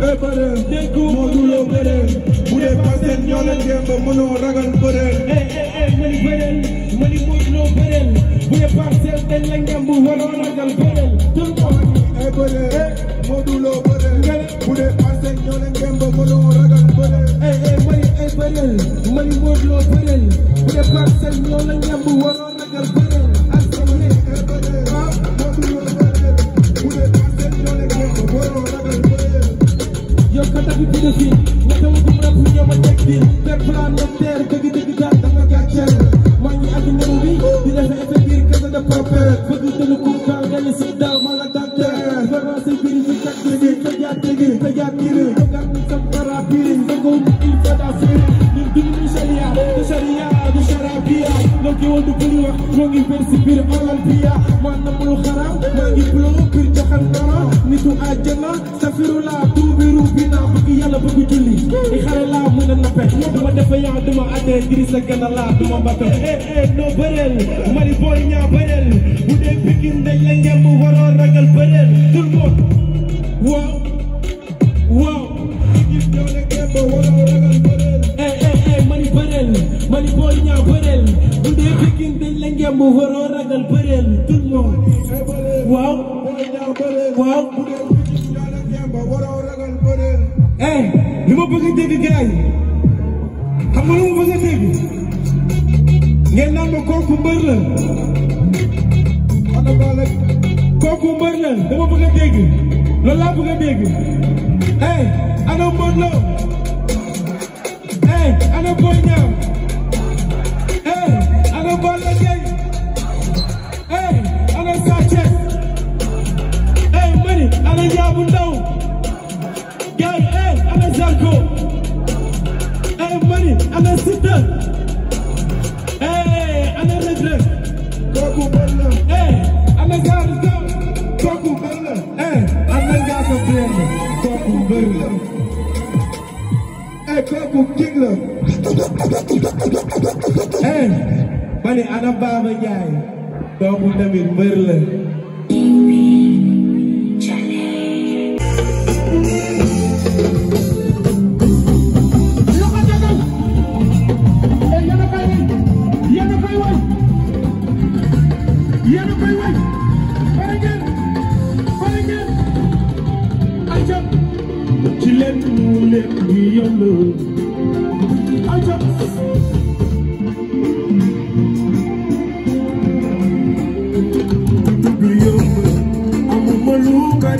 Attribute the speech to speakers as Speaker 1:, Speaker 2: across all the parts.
Speaker 1: ebere Modou Lo bëre bu dee parcelle ñoo la ngemb mënoo ragal bëre eh eh mani bëreel mani Modou Lo bëreel bu dee parcelle dañ la ngemb waroo ragal bëreel ebere Modou Lo bëreel bu dee parcelle ñoo la ngemb mënoo ragal bëreel eh eh mani ebere mani Modou Lo bëreel bu dee parcelle ñoo la ngemb waroo ragal bëreel ba dagg dina fi nga taw du rab ñoo ma teg fi teg plan docteur dëgg dëgg daal danga gàcceel maa ngi ak ñëw bi di def effet biir kasa de propre bëgg àndee Idrissa Gana laa du ma mbata eh eh, eh no bëreel mari booy ñaa bëreel bu dee Pikine dañ la ngemb waroo ragal bëreel tout le monde waaw waaw Pikine ñoo la ngemb waroo ragal bëreel eh eh eh mari bëreel mari booy ñaa bëreel bu dee Pikine dañ la ngemb waroo ragal bëreel tout le monde waaw waaw ngeen naan ma kooku mbër la kooku mbër la dama bëgg a dégg loolu laa bëgg a dégg eh ana mbër la eh ana boy ñaam eh ana ba lek ku kig la eh ma ne ana Baba Ndiaye doomu tamit mbër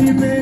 Speaker 1: happy man.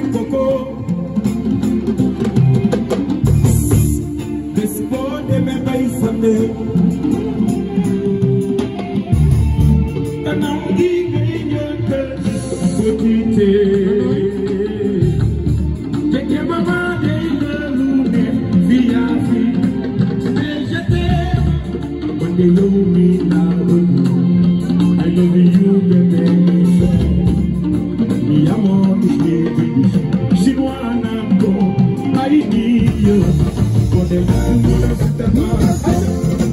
Speaker 1: Thank you.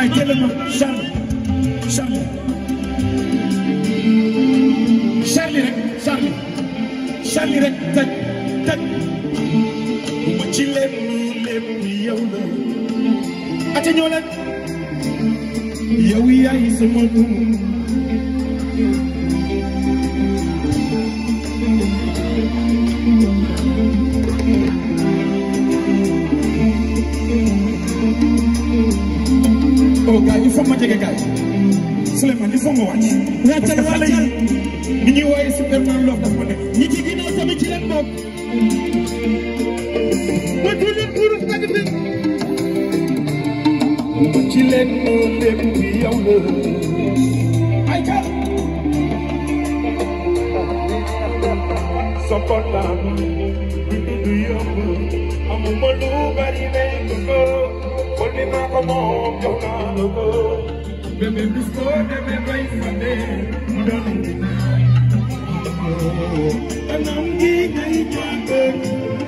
Speaker 1: Ndiaye jëlee ma Charles Charles Charles rek Charles Charles rek taj taj ci lépp yow la ati ñoo leen yow yaay sama ko gars il faut ma jege gars yi Souleymane il faut ma wàcc. wàccal wàccal ni ñuy wooye Superman loof daf ko nekk. ñi ci ginnaaw tamit ci leen bokk. ma dul leen buurus nag bi. ci leen lépp bi yow la. ay ka. soppal naa du yomb amuma lu bari may ko. me mama mom, yo na no Me me me me me me Sunday, mo da no I'm getting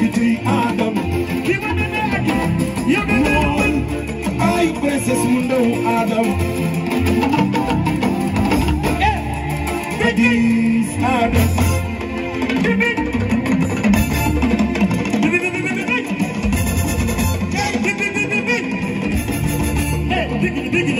Speaker 1: kitty Adam Kiwa na nagi Yoga Lord Ay precious mundo Adam Yeah, Babies Adam Biggie, Biggie, diggy.